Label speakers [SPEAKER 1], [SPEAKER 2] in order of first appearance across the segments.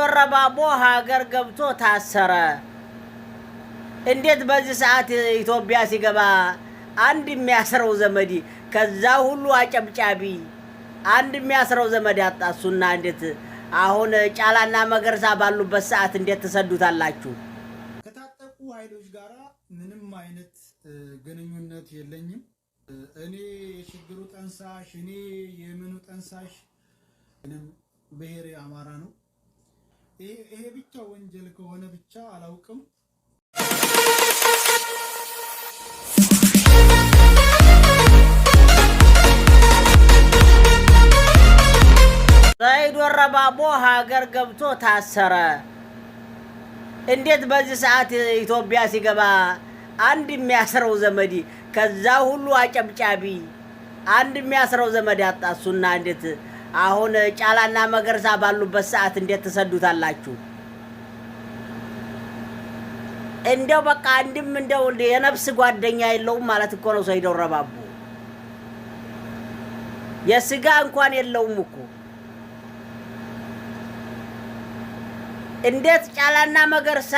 [SPEAKER 1] ወረባቦ ሀገር ገብቶ ታሰረ። እንዴት በዚህ ሰዓት ኢትዮጵያ ሲገባ አንድ የሚያስረው ዘመድ ከዛ ሁሉ አጨብጫቢ አንድ የሚያስረው ዘመድ ያጣሱና እንዴት አሁን ጫላና መገርሳ ባሉበት ሰዓት እንዴት ትሰዱታላችሁ?
[SPEAKER 2] ከታጠቁ ኃይሎች ጋር ምንም አይነት ግንኙነት የለኝም። እኔ የችግሩ ጠንሳሽ እኔ የምኑ ጠንሳሽ ብሔር አማራ ነው። ይሄ ብቻ ወንጀል ከሆነ ብቻ አላውቅም።
[SPEAKER 1] ሰይድ ወረባቦ ሀገር ገብቶ ታሰረ። እንዴት በዚህ ሰዓት ኢትዮጵያ ሲገባ አንድ የሚያስረው ዘመድ ከዛ ሁሉ አጨብጫቢ አንድ የሚያስረው ዘመድ አጣሱና እንዴት አሁን ጫላና መገርሳ ባሉበት ሰዓት እንዴት ትሰዱታላችሁ? እንደው በቃ አንድም እንደው የነፍስ ጓደኛ የለውም ማለት እኮ ነው። ሰይደው ረባቡ የስጋ እንኳን የለውም እኮ። እንዴት ጫላና መገርሳ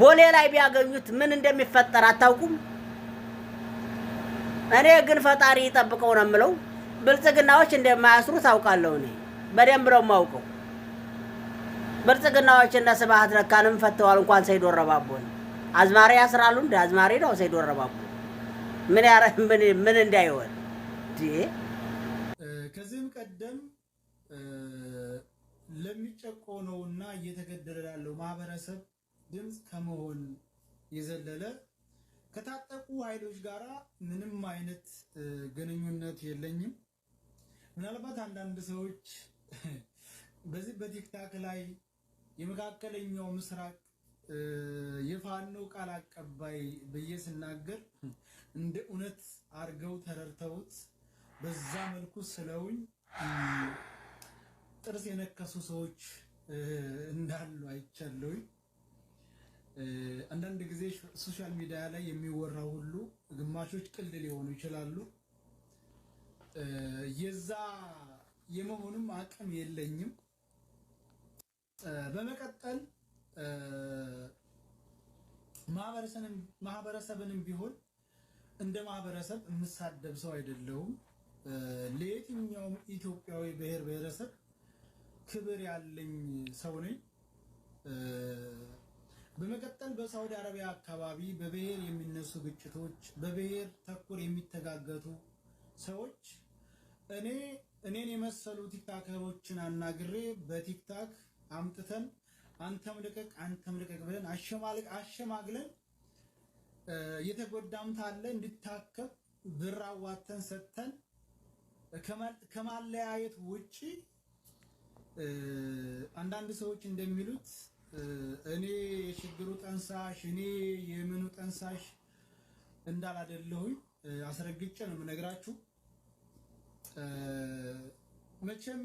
[SPEAKER 1] ቦሌ ላይ ቢያገኙት ምን እንደሚፈጠር አታውቁም። እኔ ግን ፈጣሪ ይጠብቀው ነው የምለው። ብልጽግናዎች እንደማያስሩ ታውቃለሁ። እኔ በደንብ ነው የማውቀው። ብልጽግናዎች እነ ስብሀት ረካንም ፈተዋል። እንኳን ሰይዶ ረባቦን አዝማሪ ያስራሉ። እንደ አዝማሪ ነው ሰይዶ ረባቦ ምን ያረ ምን እንዳይሆን
[SPEAKER 2] ከዚህም ቀደም ለሚጨቆነው እና እየተገደለ ላለው ማህበረሰብ ድምፅ ከመሆን የዘለለ ከታጠቁ ኃይሎች ጋራ ምንም አይነት ግንኙነት የለኝም። ምናልባት አንዳንድ ሰዎች በዚህ በቲክታክ ላይ የመካከለኛው ምስራቅ የፋኖ ቃል አቀባይ ብዬ ስናገር እንደ እውነት አድርገው ተረድተውት በዛ መልኩ ስለውኝ ጥርስ የነከሱ ሰዎች እንዳሉ አይቻለውኝ። አንዳንድ ጊዜ ሶሻል ሚዲያ ላይ የሚወራ ሁሉ ግማሾች ቅልድ ሊሆኑ ይችላሉ። የዛ የመሆኑም አቅም የለኝም። በመቀጠል ማህበረሰብንም ቢሆን እንደ ማህበረሰብ የምሳደብ ሰው አይደለሁም። ለየትኛውም ኢትዮጵያዊ ብሔር ብሔረሰብ ክብር ያለኝ ሰው ነኝ። በመቀጠል በሳውዲ አረቢያ አካባቢ በብሔር የሚነሱ ግጭቶች፣ በብሔር ተኮር የሚተጋገቱ ሰዎች እኔ እኔን የመሰሉ ቲክታከሮችን አናግሬ በቲክታክ አምጥተን አንተም ልቀቅ አንተም ልቀቅ ብለን አሸማልቅ አሸማግለን የተጎዳም ታለ እንድታከብ ብር አዋተን ሰጥተን ከማለያየት ውጪ አንዳንድ ሰዎች እንደሚሉት እኔ የችግሩ ጠንሳሽ እኔ የምኑ ጠንሳሽ እንዳላደለሁኝ አስረግጬ ነው የምነግራችሁ። መቼም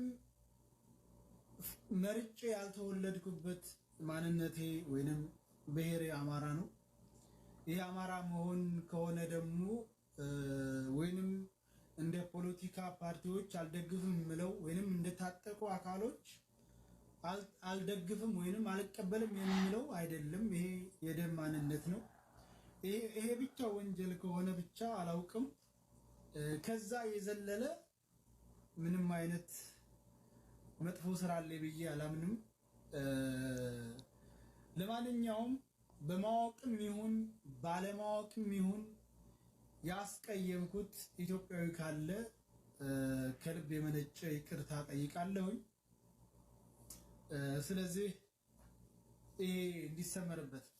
[SPEAKER 2] መርጬ ያልተወለድኩበት ማንነቴ ወይንም ብሔሬ አማራ ነው። ይህ አማራ መሆን ከሆነ ደግሞ ወይንም እንደ ፖለቲካ ፓርቲዎች አልደግፍም የምለው ወይንም እንደታጠቁ አካሎች አልደግፍም ወይንም አልቀበልም የምለው አይደለም። ይሄ የደም ማንነት ነው። ይሄ ብቻ ወንጀል ከሆነ ብቻ አላውቅም። ከዛ የዘለለ ምንም አይነት መጥፎ ስራ አለ ብዬ አላምንም። ለማንኛውም በማወቅም ይሁን ባለማወቅም ይሁን ያስቀየምኩት ኢትዮጵያዊ ካለ ከልብ የመነጨ ይቅርታ ጠይቃለሁኝ። ስለዚህ ይሄ እንዲሰመርበት